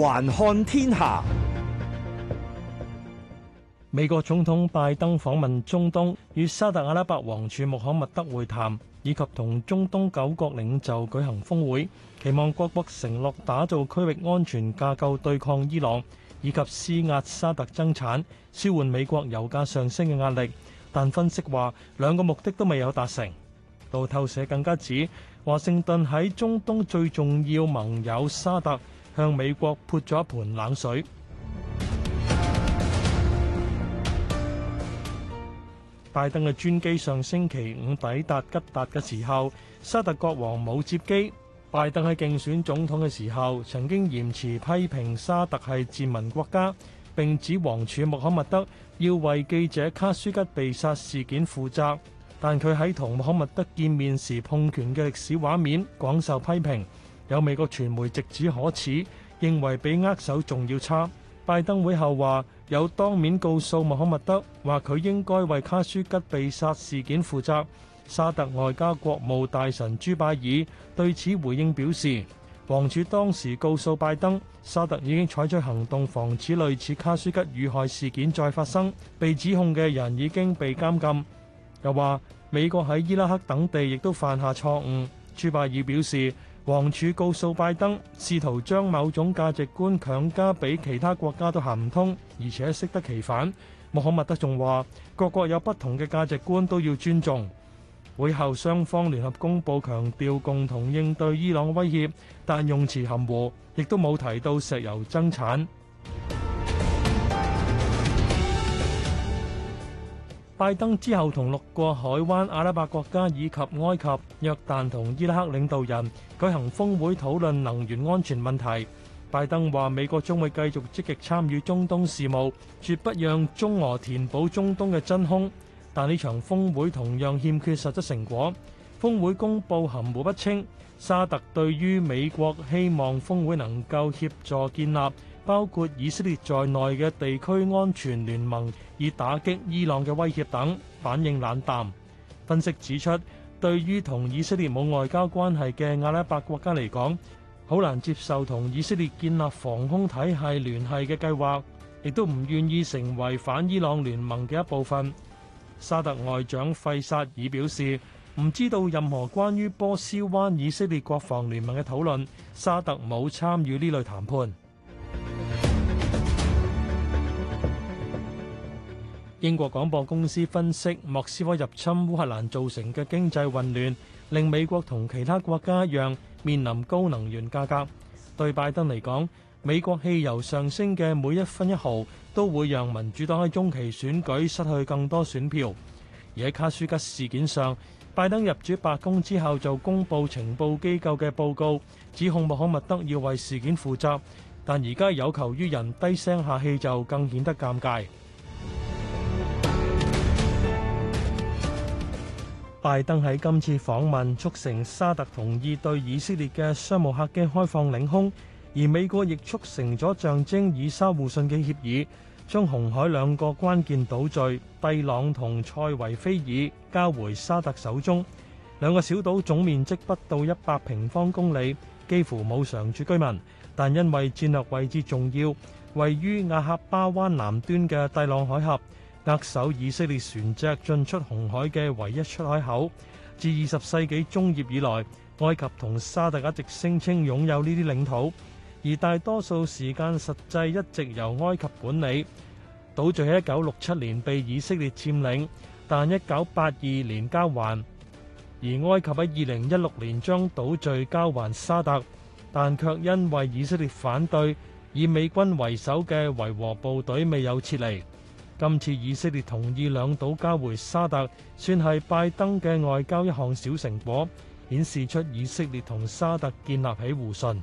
環看天下，美國總統拜登訪問中東，與沙特阿拉伯王儲穆罕默德會談，以及同中東九國領袖舉行峰會，期望各國承諾打造區域安全架構對抗伊朗，以及施壓沙特增產，舒緩美國油價上升嘅壓力。但分析話，兩個目的都未有達成。路透社更加指，華盛頓喺中東最重要盟友沙特。向美國潑咗一盆冷水。 拜登嘅專機上星期五抵達吉達嘅時候，沙特國王冇接機。拜登喺競選總統嘅時候，曾經嚴辭批評沙特係賤民國家，並指王儲穆罕默德要為記者卡舒吉被殺事件負責。但佢喺同穆罕默德見面時碰拳嘅歷史畫面，廣受批評。有美國傳媒直指可恥，認為比握手仲要差。拜登會後話有當面告訴穆罕默德，話佢應該為卡舒吉被殺事件負責。沙特外交國務大臣朱拜爾對此回應表示，王儲當時告訴拜登，沙特已經採取行動防止類似卡舒吉遇害事件再發生，被指控嘅人已經被監禁。又話美國喺伊拉克等地亦都犯下錯誤。朱拜爾表示。王儲告訴拜登，試圖將某種價值觀強加俾其他國家都行唔通，而且適得其反。穆罕默德仲話：各國有不同嘅價值觀都要尊重。會後雙方聯合公佈，強調共同應對伊朗威脅，但用詞含糊，亦都冇提到石油增產。拜登之後同六個海灣阿拉伯國家以及埃及、約旦同伊拉克領導人舉行峰會，討論能源安全問題。拜登話美國將會繼續積極參與中東事務，絕不讓中俄填補中東嘅真空。但呢場峰會同樣欠缺實質成果。峰會公佈含糊不清，沙特對於美國希望峰會能夠協助建立包括以色列在內嘅地區安全聯盟以打擊伊朗嘅威脅等，反應冷淡。分析指出，對於同以色列冇外交關係嘅阿拉伯國家嚟講，好難接受同以色列建立防空體系聯繫嘅計劃，亦都唔願意成為反伊朗聯盟嘅一部分。沙特外長費薩爾表示，唔知道任何關於波斯灣以色列國防聯盟嘅討論，沙特冇參與呢類談判。英國廣播公司分析，莫斯科入侵烏克蘭造成嘅經濟混亂，令美國同其他國家一樣，面臨高能源價格。對拜登嚟講，美國汽油上升嘅每一分一毫，都會讓民主黨喺中期選舉失去更多選票。而喺卡舒吉事件上，拜登入主白宮之後就公布情報機構嘅報告，指控穆罕默德要為事件負責。但而家有求於人，低聲下氣就更顯得尷尬。拜登喺今次訪問促成沙特同意對以色列嘅商務客機開放領空，而美國亦促成咗象徵以沙互信嘅協議，將紅海兩個關鍵島嶼蒂朗同塞維菲爾交回沙特手中。兩個小島總面積不到一百平方公里，幾乎冇常住居民，但因為戰略位置重要，位於亞喀巴灣南端嘅蒂朗海峽，扼守以色列船隻進出紅海嘅唯一出海口。自二十世紀中葉以來，埃及同沙特一直聲稱擁有呢啲領土，而大多數時間實際一直由埃及管理。島嶼喺一九六七年被以色列佔領，但一九八二年交還，而埃及喺二零一六年將島嶼交還沙特，但卻因為以色列反對，以美軍為首嘅維和部隊未有撤離。今次以色列同意兩島交回沙特，算係拜登嘅外交一項小成果，顯示出以色列同沙特建立起互信。